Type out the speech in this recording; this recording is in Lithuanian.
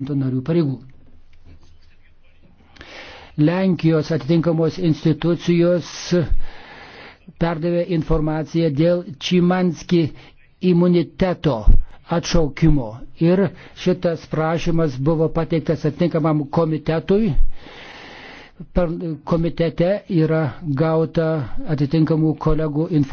narių pareigų. Lenkijos atitinkamos institucijos perdavė informaciją dėl Čimanski imuniteto atšaukimo. Ir šitas prašymas buvo pateiktas atitinkamam komitetui. Per komitete yra gauta atitinkamų kolegų informacijos.